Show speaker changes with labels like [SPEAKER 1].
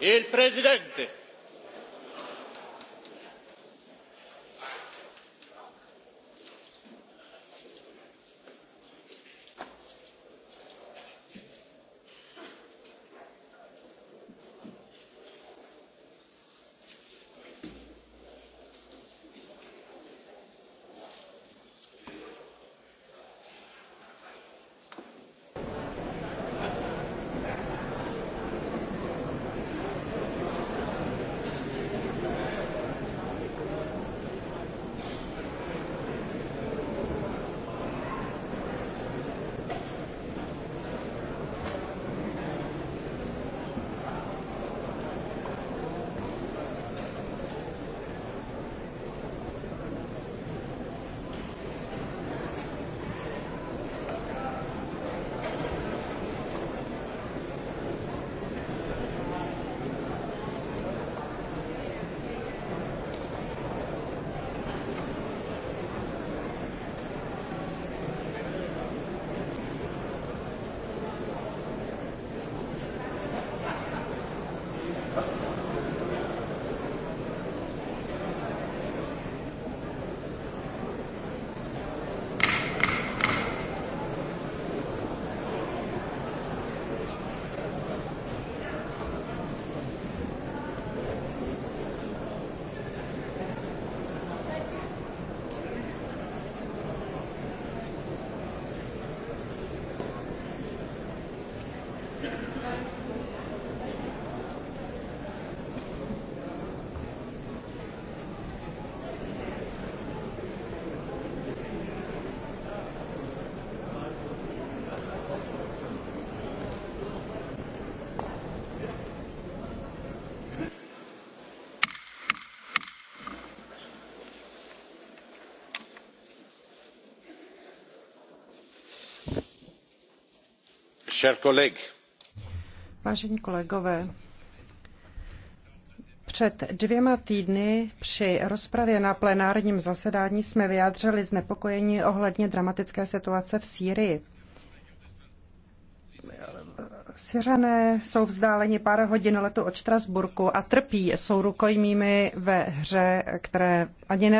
[SPEAKER 1] il presidente.
[SPEAKER 2] Vážení kolegové, před dvěma týdny při rozpravě na plenárním zasedání jsme vyjádřili znepokojení ohledně dramatické situace v Sýrii. Syřané jsou vzdáleni pár hodin letu od Štrasburku a trpí, jsou rukojmími ve hře, které ani nerozumí.